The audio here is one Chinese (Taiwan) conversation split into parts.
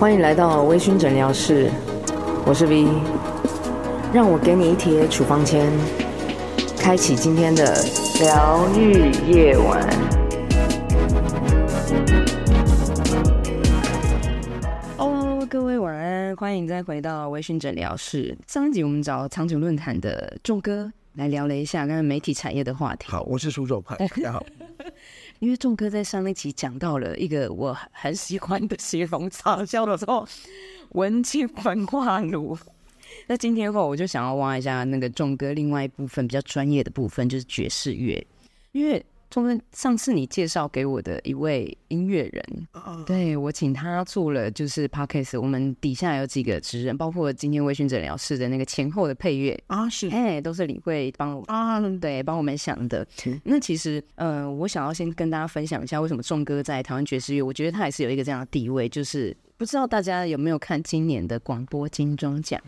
歡迎來到微醺診療室，我是 V，讓我給你一貼處方簽，開啟今天的療癒夜晚。哦、oh, 各位晚安，歡迎再回到微醺診療室。上一集我們找藏酒論壇的重哥來聊了一下跟媒體產業的話題。好，我是蘇重派。大家好 因為重哥在上一期講到了一個我很喜歡的形容詞，叫做“文青焚化爐”。那今天的話，我就想要挖一下那個重哥另外一部分比較專業的部分，就是爵士樂，因為。重哥，上次你介紹給我的一位音樂人，對我請他做了就是 podcast，我們底下有幾個職人，包括今天微醺診療室的那個前後的配樂啊，是，哎，都是理惠幫我啊，對，幫我們想的。是那其實，呃我想要先跟大家分享一下，為什麼重哥在台灣爵士樂，我覺得他也是有一個這樣的地位，就是不知道大家有沒有看今年的廣播金鐘獎？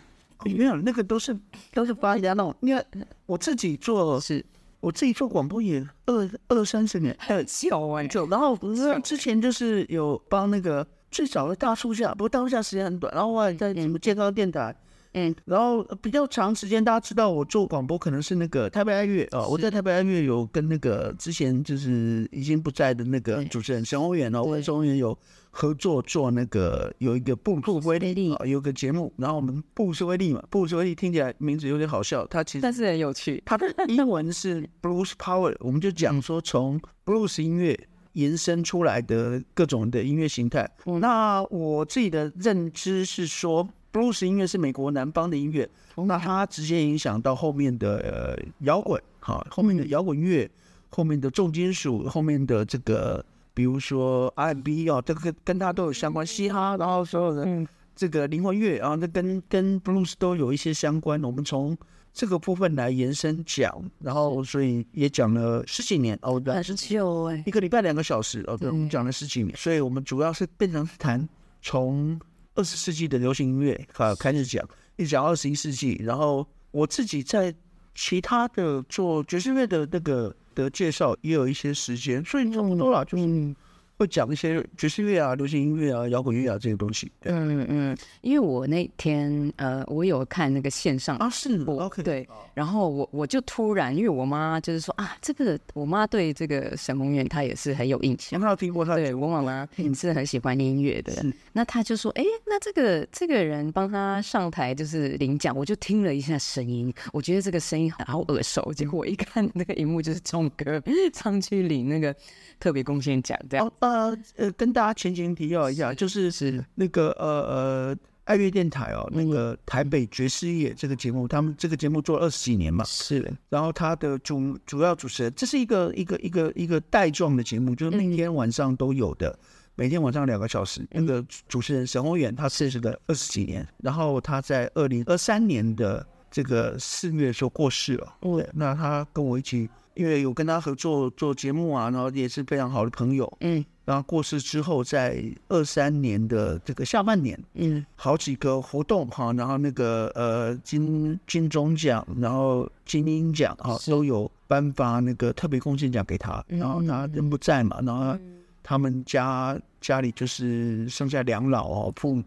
沒有、哦嗯，那個都是都是發人家那種，因為我自己做是。我自己做廣播也二二三十年，還、呃、有小哎、欸，久、欸。然後是，之前就是有幫那個最早的大樹下，欸、不過大樹下時間很短。然後我也在什麼健康電台，嗯，嗯然後比較長時間，大家知道我做廣播可能是那個台北愛樂啊是、呃，我在台北愛樂有跟那個之前就是已經不在的那個主持人沈鴻元對哦，我跟沈鴻元有。合作做那個有一個布魯斯威利有個節目，然後我們布魯斯威利嘛，布魯斯威利聽起來名字有點好笑，它其實他是 Power，但是很有趣，它的英文是 Blues Power，我們就講說從 Blues 音樂延伸出來的各種的音樂形態。嗯、那我自己的認知是說，Blues 音樂是美國南方的音樂，嗯、那它直接影響到後面的呃搖滾哈，後面的搖滾樂，嗯、後面的重金屬，後面的這個。比如說 R&B 啊、哦，這個跟它都有相關、嗯、嘻哈，然後所有的這個靈魂樂啊，這跟跟 Blues 都有一些相關。我們從這個部分來延伸講，然後所以也講了十幾年哦，兩十九對，一個禮拜兩個小時哦，對，我們講了十幾年，所以我們主要是變成是談從二十世紀的流行音樂啊開始講，是一直講二十一世紀，然後我自己在。其他的做爵士樂的那個的介紹也有一些時間，所以這麼多了，嗯、就是。嗯會講一些爵士樂啊、流行音樂啊、搖滾樂啊這些東西。嗯嗯，因為我那天呃，我有看那個線上啊，是 OK 對，okay. 然後我我就突然，因為我媽就是說啊，這個我媽對這個沈鴻元她也是很有印象，他聽過，她對我媽媽也是很喜歡音樂的。是那他就說，哎、欸，那這個這個人幫他上台就是領獎，我就聽了一下聲音，我覺得這個聲音好耳熟。結果我一看那個熒幕，就是重哥上去領那個特別貢獻獎，這樣。哦呃呃，跟大家前情提要一下，是就是是那個是呃呃愛樂電台哦，那個台北爵士夜這個節目，他們這個節目做了二十幾年嘛，是的。然後他的主主要主持人，這是一個一個一個一個帶狀的節目，就是每天晚上都有的，嗯、每天晚上兩個小時。嗯、那個主持人沈鴻元，他認識了二十幾年，然後他在二零二三年的這個四月的時候過世了。嗯對，那他跟我一起，因為有跟他合作做節目啊，然後也是非常好的朋友。嗯。然後過世之後，在二三年的這個下半年，嗯，好幾個活動哈、啊，然後那個呃金金鐘獎，然後金鷹獎啊，都有頒發那個特別貢獻獎給他。然後他人不在嘛，然後他們家家裡就是剩下兩老哦，父。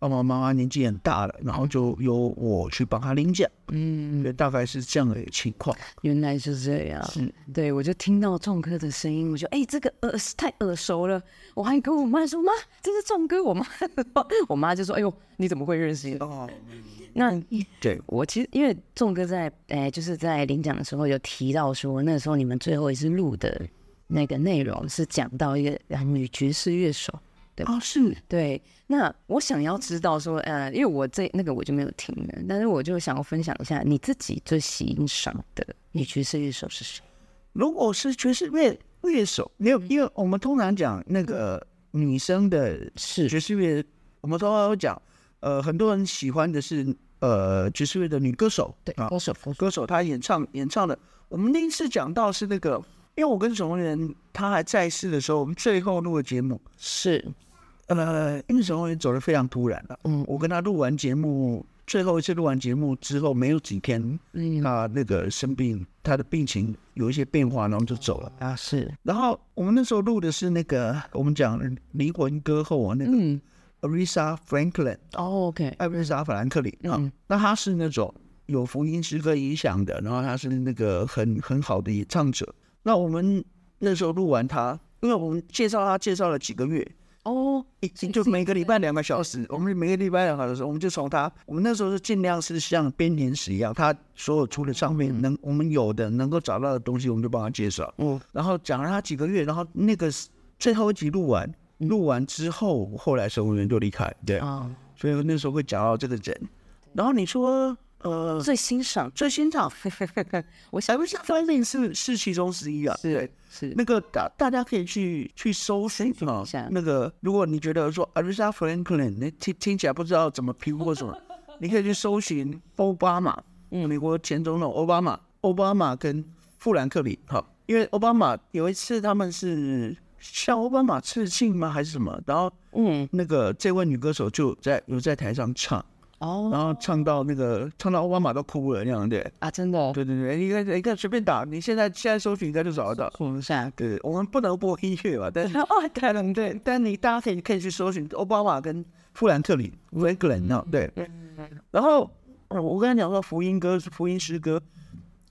爸爸媽媽年紀很大了，然後就由我去幫他領獎。嗯，大概是這樣的情況。原來是這樣。是，對我就聽到重哥的聲音，我就哎、欸，這個耳太耳熟了。我還跟我媽說：“媽，這是重哥媽。 ”我媽，我媽就說：“哎呦，你怎麼會認識？”哦，那對我其實因為重哥在哎、欸，就是在領獎的時候有提到說，那時候你們最後一次錄的那個內容是講到一個、嗯、女爵士樂手。哦、啊，是對。那我想要知道說，呃，因為我這那個我就沒有聽了，但是我就想要分享一下你自己最欣賞的女爵士樂手是誰？如果是爵士樂樂手，沒有，因為我們通常講那個、嗯呃、女生的是爵士樂，是我們通常都講，呃，很多人喜歡的是呃爵士樂的女歌手，對，啊、歌手歌手她演唱演唱的。我們那一次講到是那個，因為我跟主持人他還在世的時候，我們最後錄的節目是。呃，因為沈鴻元走的非常突然了。嗯，我跟他錄完節目，最後一次錄完節目之後，沒有幾天，嗯，他那個生病，他的病情有一些變化，然後就走了。啊，是。然後我們那時候錄的是那個，我們講靈魂歌后啊，那個 Aretha Franklin。哦，OK，艾瑞莎·弗蘭克林。嗯，那她是那種有福音詩歌影響的，然後她是那個很很好的演唱者。那我們那時候錄完她，因為我們介紹她介紹了幾個月。哦，已經、oh,，就每個禮拜兩個小時，我們每個禮拜兩個小時，我們就從他，我們那時候是盡量是像編年史一樣，他所有出的唱片能、嗯、我們有的能夠找到的東西，我們就幫他介紹。嗯，然後講了他幾個月，然後那個最後一集錄完，錄、嗯、完之後，後來守工人就離開。對啊，嗯、所以那時候會講到這個人，然後你說。呃，最欣賞，最欣賞，艾瑞莎·富蘭克林是是其中之一啊，是對是那個大大家可以去去搜尋一下，那個、哦、想如果你覺得說艾瑞莎·富蘭克林你聽聽起來不知道怎麼評估什麼， 你可以去搜尋歐巴馬，美國前總統歐巴馬，歐巴馬跟富蘭克林，好，因為歐巴馬有一次他們是向歐巴馬致敬嗎還是什麼，然後嗯那個這位女歌手就在有在台上唱。哦，oh, 然後唱到那個，唱到奧巴馬都哭了那樣，對，啊，真的，對對對，你看你看隨便打，你現在現在搜尋一下就找得到，是不是啊？對，我們不能播音樂嘛，但是、 哦，對，對對，但你大家可以可以去搜尋奧巴馬跟富蘭克林維 r 蘭 n 對， 然後我跟你講說福音歌，福音詩歌。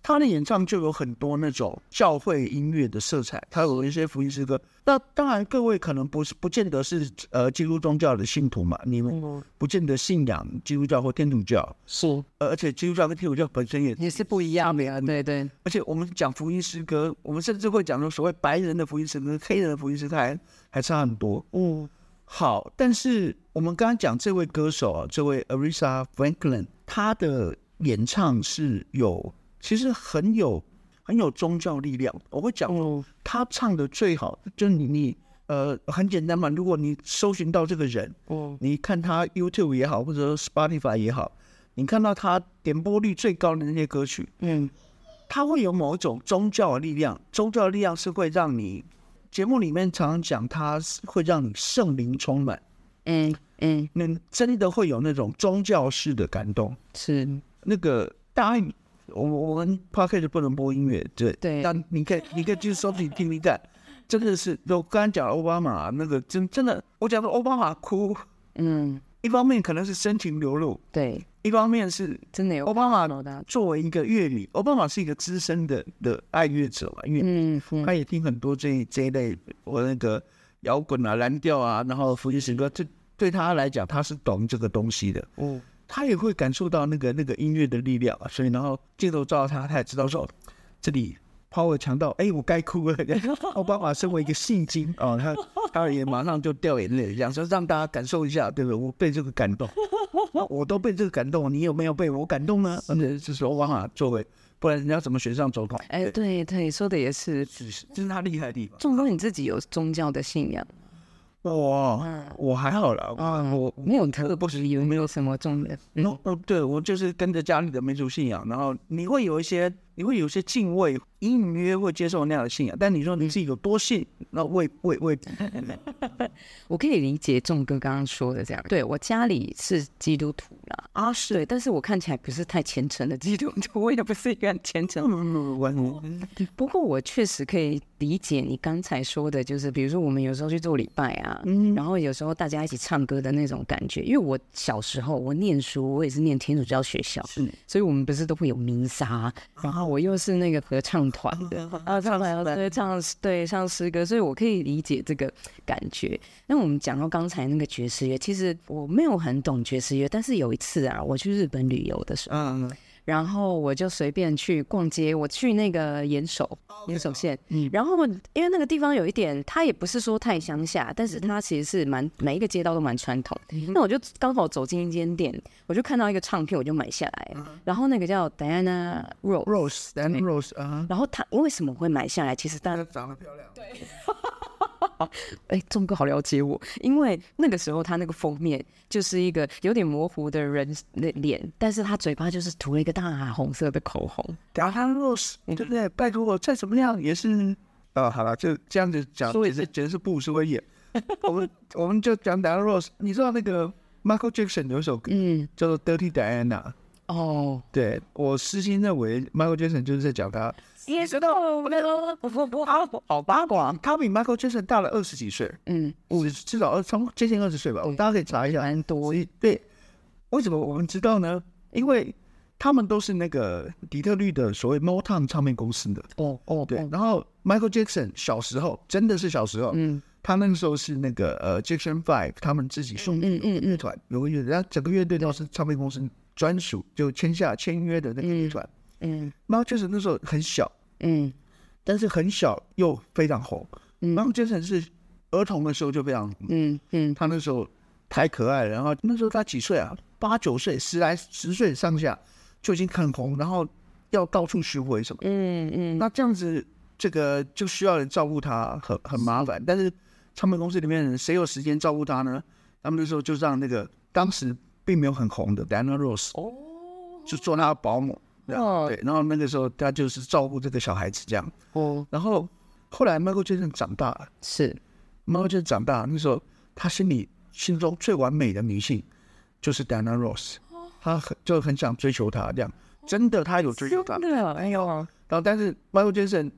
他的演唱就有很多那種教會音樂的色彩，他有一些福音詩歌。那當然，各位可能不是不見得是呃基督宗教的信徒嘛，你們不見得信仰基督教或天主教。是，而且基督教跟天主教本身也也是不一樣的。嗯、對,對對。而且我們講福音詩歌，我們甚至會講說，所謂白人的福音詩歌，黑人的福音詩歌還還差很多。嗯，好。但是我們剛剛講這位歌手啊，這位 Aretha Franklin，他的演唱是有。其實很有很有宗教力量，我會講，oh. 他唱的最好，就是，你你呃很簡單嘛，如果你搜尋到這個人，oh. 你看他 YouTube 也好，或者 Spotify 也好，你看到他點播率最高的那些歌曲，嗯，他會有某一種宗教的力量，宗教力量是會讓你節目裡面常常講，他是會讓你聖靈充滿，嗯，嗯嗯，那真的會有那種宗教式的感動，是那個答案我我們 podcast 不能播音樂，對對。但你可以你可以去搜，自己聽一下這真的是我剛剛講奧巴馬那個真真的，我講的奧巴馬哭，嗯，一方面可能是深情流露，對，一方面是真的有。奧巴馬作為一個樂迷，奧巴馬是一個資深的的愛樂者吧，因為嗯，他也聽很多這這一類我那個搖滾啊、藍調啊，然後福音詩歌，這對他來講，他是懂這個東西的，哦。他也會感受到那個那個音樂的力量，所以然後鏡頭照到他，他也知道說，哦、這裡拋個強盜，哎，我該哭了。歐巴馬身為一個戲精，哦、他他也馬上就掉眼淚這樣，這說讓大家感受一下，對不對？我被這個感動，啊、我都被這個感動，你有沒有被我感動呢？嗯、是就是歐巴馬作為，不然人家怎麼選上總統？對哎，對對，說的也是，這是，是、就是他厲害的地方。縱然你自己有宗教的信仰。我、oh, 嗯、我還好啦，嗯、哦，我沒有特不是有沒有什麼重點，哦 No,、嗯，oh, 對，我就是跟着家裡的民族信仰，然後你會有一些。你會有些敬畏，隱隱約約會接受那樣的信仰，但你說你是有多信？那畏畏畏。 我可以理解重哥剛剛說的這樣。對，我家裡是基督徒啦，啊，是，對，但是我看起來不是太虔誠的基督徒，我也不是一個虔誠 不過我確實可以理解你剛才說的，就是比如說我們有時候去做禮拜啊，嗯、然後有時候大家一起唱歌的那種感覺，因為我小時候我念書，我也是念天主教學校，是，所以我們不是都會有彌撒，然後。我又是那個合唱團的 oh, oh, oh, 啊，合唱團對唱對唱詩歌，所以我可以理解這個感覺。那我們講到剛才那個爵士樂，其實我沒有很懂爵士樂，但是有一次啊，我去日本旅遊的時候，uh, uh, uh. 然後我就隨便去逛街，我去那個岩手，岩手縣。嗯，Okay. 然後因為那個地方有一點，它也不是說太鄉下，mm hmm. 但是它其實是蠻每一個街道都蠻傳統。Mm hmm. 那我就剛好走進一間店，我就看到一個唱片，我就買下來。Uh huh. 然後那個叫 Diana Ross，Ross，Diana Ross，啊。然後他為什麼會買下來？其實他長得漂亮，對。 哎，重、啊、哥好了解我，因為那個時候他那個封面就是一個有點模糊的人的臉，但是他嘴巴就是塗了一個大紅色的口紅。Diana Ross，對不對？嗯、拜託我再怎麼樣也是……哦好了，就這樣子講，所以也是，簡直是不識微言，我們 我們就講 Diana Ross，你知道那個 Michael Jackson 有一首歌、嗯、叫做《Dirty Diana》哦，對我私心認為 Michael Jackson 就是在講他。也知道那個好，好八卦，他比 Michael Jackson 大了二十幾歲。嗯，我、哦、至少二從接近二十歲吧。嗯、哦，我大家可以查一下。蠻多。對，為什麼我們知道呢？因為他們都是那個底特律的所謂 Motown 唱片公司的。哦哦，哦對。然後 Michael Jackson 小時候，真的是小時候，嗯，他那個時候是那個呃 Jackson Five 他們自己兄弟樂團，有有、嗯、人、嗯、家、嗯嗯、整個樂隊都是唱片公司專屬，就簽下簽約的那個樂團、嗯。嗯，貓確實那時候很小。嗯，但是很小又非常紅，嗯、然後傑森是兒童的時候就非常嗯嗯，嗯，他那時候太可愛了，然後那時候他幾歲啊？八九歲，十來十歲上下就已經很紅，然後要到處巡回什麼，嗯嗯，嗯，那這樣子這個就需要人照顧他很，很很麻煩。但是唱片公司裡面人誰有時間照顧他呢？他們那時候就讓那個當時並沒有很紅的 Diana Ross 哦，就做那個保姆。哦，嗯、對，然後那個時候他就是照顧這個小孩子，這樣，哦，然後後來 Michael Jackson 長大了，是，Michael Jackson 長大那時候，他心裡心中，最完美的女性就是 Diana Ross，哦、他很就很想追求她這樣，真的他有追求她，哦、的，哎呦，然後但是 Michael Jackson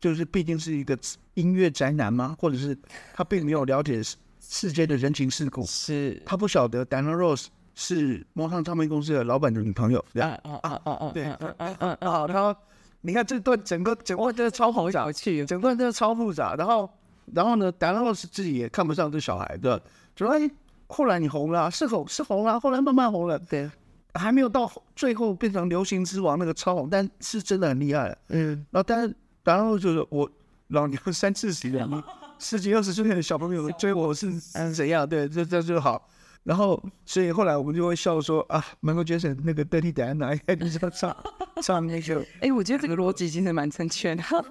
就是畢竟是一個音樂宅男嘛，或者是他並沒有了解世世間的人情世故，是，他不曉得 Diana Ross。是摩城唱片公司的老闆的女朋友，啊啊啊啊啊，啊啊對，嗯嗯嗯，好、啊啊啊啊，然後你看這段整個整個真的、啊、超好，小氣，整個真的超複雜，然後然後呢，Diana Ross 自己也看不上這小孩，對，主要，哎，後來你紅了、啊，是紅是紅了、啊，後來慢慢紅了，對，還沒有到最後變成流行之王那個超紅，但是真的很厲害，嗯，然後但是 Diana Ross 就是我老娘三十幾四十幾、十幾、二十歲的小朋友追我是怎樣子、啊，對，這這就好。然後，所以後來我們就會笑說啊 Michael Jackson 那個 Dirty Diana，你知道唱唱那個？哎，我覺得這個邏輯真的蠻正確的，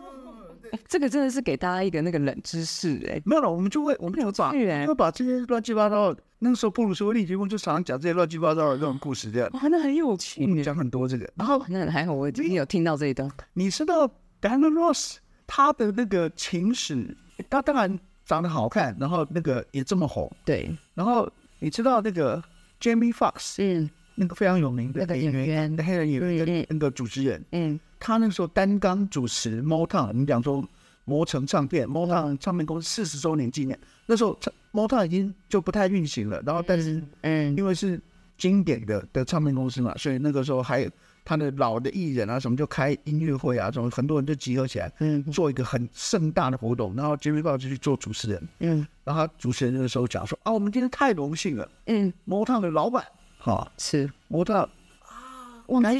這個真的是給大家一個那個冷知識、欸。哎，沒有了，我們就會我們有講、欸，會把這些亂七八糟，那個時候布魯斯威利結婚就常常講這些亂七八糟的這種故事，這樣哇、哦，那很有趣、嗯，講很多這個。然後那還好，我已經你有聽到這一段。你知道 Diana Ross 她的那個情史？她當然長得好看，然後那個也這麼紅。對，然後。你知道那個 Jamie Foxx，嗯，那個非常有名的演員、黑人演員跟對那個主持人，嗯對，他那個時候擔綱主持 Motown，n 你講說摩城唱片、Motown、嗯、唱片公司四十周年紀念，那時候 Motown 已經就不太運行了，然後但是，嗯，因為是經典的、嗯、的唱片公司嘛，所以那個時候還。他的老的藝人啊，什麼就開音樂會啊，什麼很多人就集合起來，嗯，做一個很盛大的活動，然後 Jimmy 就去做主持人，嗯，然後他主持人的時候講說啊，我們今天太榮幸了，嗯，Motown 的老板，哈，是 Motown。啊，裝我們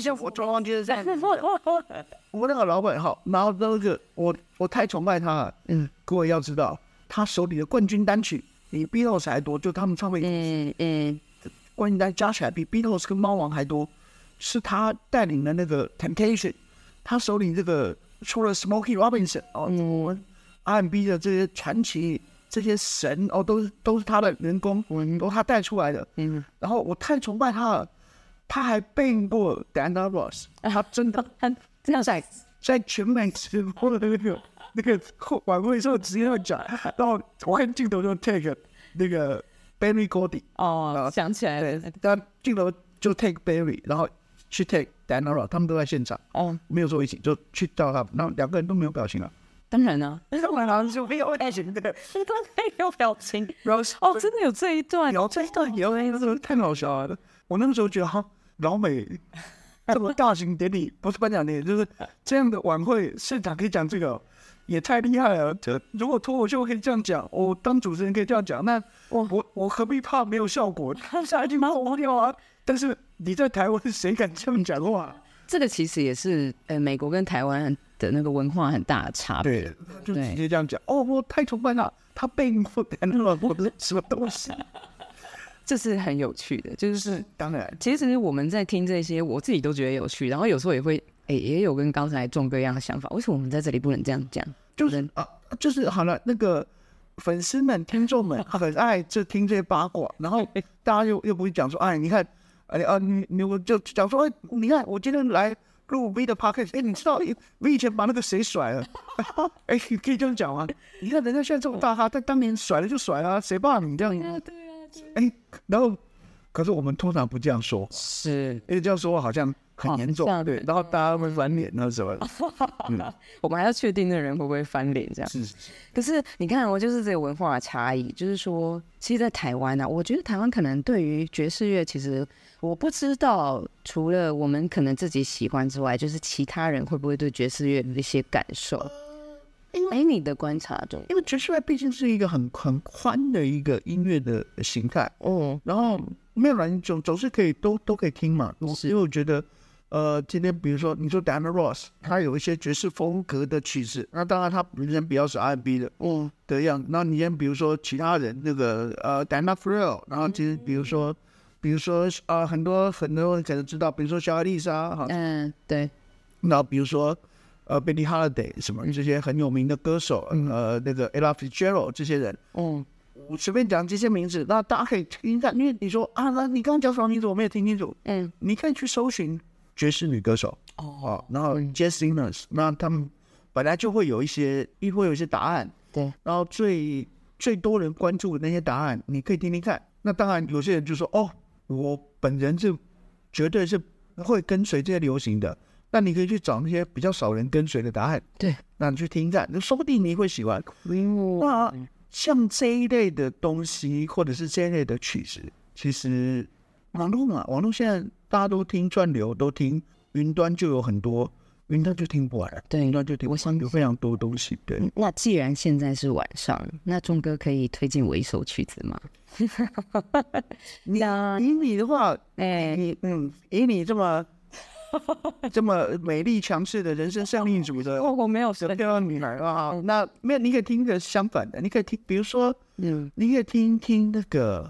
那個老板哈，然後那個我我太崇拜他了，嗯，各位要知道他手裡的冠軍單曲，比 Beatles 還多，就他們唱片，嗯嗯，冠軍單加起來比 Beatles 跟貓王還多。是他帶領的那個 Temptation，他手裡這個除了 Smokey Robinson 哦，R&B 的這些傳奇、這些神哦，都是都是他的人工，嗯，哦，他帶出來的，嗯。然後我太崇拜他了，他還背過 Diana Ross，、啊、他真的，現這樣在在全美直播的那個 那個晚會時候直接要講，然後我看鏡頭就 take 那個 Berry Gordy 哦，後想起來對，但鏡頭就 take Berry 然後。去 take d a n o e l 他們都在現場。哦，沒有坐一起就去到，他。那兩個人都沒有表情了。當然了，我們當時沒有表情的，真的有表情。Rose 哦，真的有這一段。有這一段，有那一段，太搞笑了，我那個時候覺得，哈，老美這麼大型典禮，不是頒獎典禮，就是這樣的晚會現場可以講這個，也太厲害了。如果脫口秀可以這樣講，我當主持人可以這樣講，那我我何必怕沒有效果？下一句嗎？我忘掉了。但是你在台灣，誰敢這麼講話、嗯？這個其實也是呃，美國跟台灣的那個文化很大的差別。對，對就直接這樣講對哦，我太崇拜他，他被我談了我什麼東西、啊？這是很有趣的，就是，是當然，其實，其實我們在聽這些，我自己都覺得有趣，然後有時候也會哎、欸，也有跟剛才重哥一樣的想法。為什麼我們在這裡不能這樣講？就是正啊，就是好了，那個粉絲們、聽眾們很愛就聽這些八卦， 然後大家又又不會講說，哎，你看。哎，啊，你你我就講說，哎、欸，你看我今天來錄 V 的 Podcast，哎、欸，你知道 V 以前把那個誰甩了，哎、 欸，可以這樣講嗎？你看人家現在這麼大哈，他當年甩了就甩了、啊，誰怕你這樣？對啊，對哎、啊啊啊欸，然後可是我們通常不這樣說，是，哎，這樣說好像。很嚴重，哦、對，對然後大家會翻臉，然後什麼？ 嗯、我們還要確定那人會不會翻臉，這樣是是是。可是你看，我就是這個文化的差異，就是說，其實，在台灣呢、啊，我覺得台灣可能對於爵士樂，其實我不知道，除了我們可能自己喜歡之外，就是其他人會不會對爵士樂的一些感受？因為沒你的觀察中，因為爵士樂畢竟是一個很很寬的一個音樂的形態，嗯、哦，然後沒有人總是可以，總是可以都都可以聽嘛，是我因為我覺得。呃，今天比如說你說 Diana Ross，他有一些爵士風格的曲子，那當然他以前比較是 R&B 的，嗯的樣子。那你先比如說其他人那個呃 Diana Krall，然後其實比如說，嗯、比如說呃很多很多人可能知道，比如說小野麗莎，嗯對。那比如說呃 Billie Holiday 什麼，因為這些很有名的歌手，嗯、呃那個 Ella Fitzgerald 這些人，嗯，我隨便講這些名字，那大家可以聽一下，因為你說啊，那你剛，剛講什麼名字我沒有聽清楚，嗯，你可以去搜尋。爵士女歌手哦、oh, 啊，然後 Jazziness，對那他們本來就會有一些，亦會有一些答案。對，然後最最多人關注的那些答案，你可以聽聽看。那當然，有些人就說：“哦，我本人就絕對是會跟隨這些流行的。”那你可以去找那些比較少人跟隨的答案。對，那你去聽一下，說不定你會喜歡。對那像這一類的東西，或者是這一類的曲子，其實網絡嘛，網絡、啊、現在。大家都聽串流，都聽雲端就有很多，雲端就聽不完了。對，雲端就聽，我想有非常多東西。對，那既然現在是晚上，那重哥可以推薦我一首曲子嗎？以你的話，哎，嗯，以你這麼這麼美麗強勢的人生勝利組的，我沒有什麼漂亮女孩啊。那沒有，你可以聽個相反的，你可以聽，比如說，嗯，你可以聽聽那個。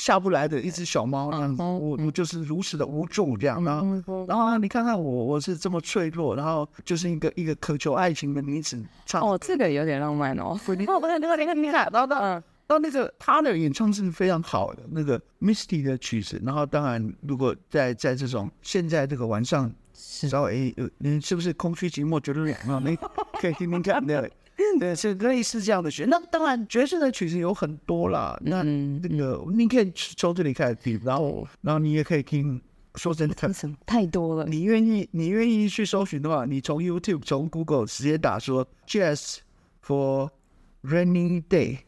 下不來的一隻小貓那樣子，我我就是如此的無助這樣，然後然後啊，你看看我，我是這麼脆弱，然後就是一個一個渴求愛情的女子。唱。哦，這個有點浪漫哦。哦，那個那個那個厲害。然後嗯，然後那個他的演唱是非常好的，那個 Misty 的曲子。然後當然，如果在在這種現在這個晚上，然後哎、呃，你是不是空虛寂寞覺得冷啊？你可以聽聽看。 對，是類似這樣的選那當然，爵士的曲子有很多啦。嗯、那那個，你可以從這裡開始聽，嗯、然後，然後你也可以聽說。說真的，太多了。你願意，你願意去搜尋的話，你從 YouTube、從 Google 直接打說 Jazz for rainy day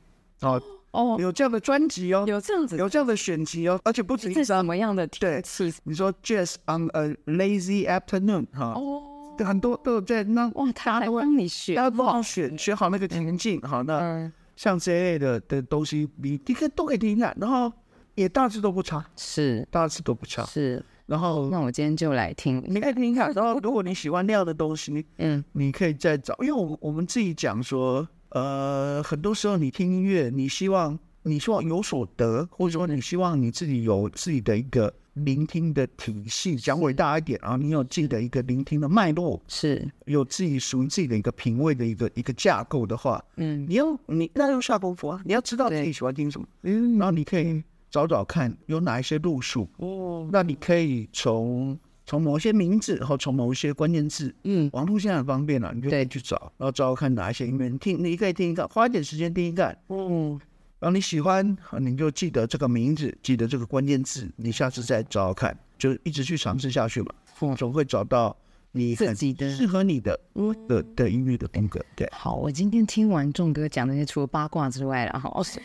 哦哦，哦有這樣的專輯哦，有這樣子，有這樣的選集哦，而且不止一次。這是什麼樣的對是你說 Jazz on a lazy afternoon，哈。哦很多都在那哇，他還幫你學，要幫你學，嗯、學好那個田徑，好那、嗯、像這一類的的東西，你你都可以聽一下，然後也大致都不差，是大致都不差，是。然後那我今天就來聽，你可以聽一下。然後如果你喜歡那樣的東西，你嗯，你可以再找，因為我我們自己講說，呃，很多時候你聽音樂，你希望。你希望有所得，或者說你希望你自己有自己的一個聆聽的體系，講偉大一點啊，是然後你有自己的一個聆聽的脈絡，是有自己屬於自己的一個品味的一個一個架構的話，嗯，你要你那用下功夫啊，你要知道自己喜歡聽什麼，對嗯，那你可以找找看有哪一些路數，哦，那你可以從從某些名字或從某一些關鍵字，嗯，網絡現在很方便了、啊，你可以去找，對然後找找看哪一些音樂，聽你可以聽一個，花一點時間聽一個，嗯、哦。然後你喜歡，你就記得這個名字，記得這個關鍵字，你下次再找找看，就一直去嘗試下去嘛，總會找到。你自己的適合你的風的的音樂的風格，對。好，我今天聽完仲哥講那些除了八卦之外，然後哦，是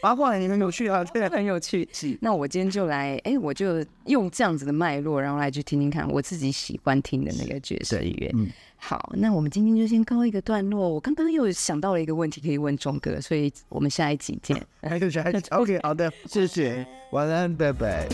八卦也很有趣啊，真的很有趣。那我今天就來，哎，我就用這樣子的脈絡，然後來去聽聽看我自己喜歡聽的那個爵士樂。好，那我們今天就先告一個段落。我剛剛又想到了一個問題可以問仲哥，所以我們下一集見。還有誰？OK，好的，謝謝，晚安，拜拜。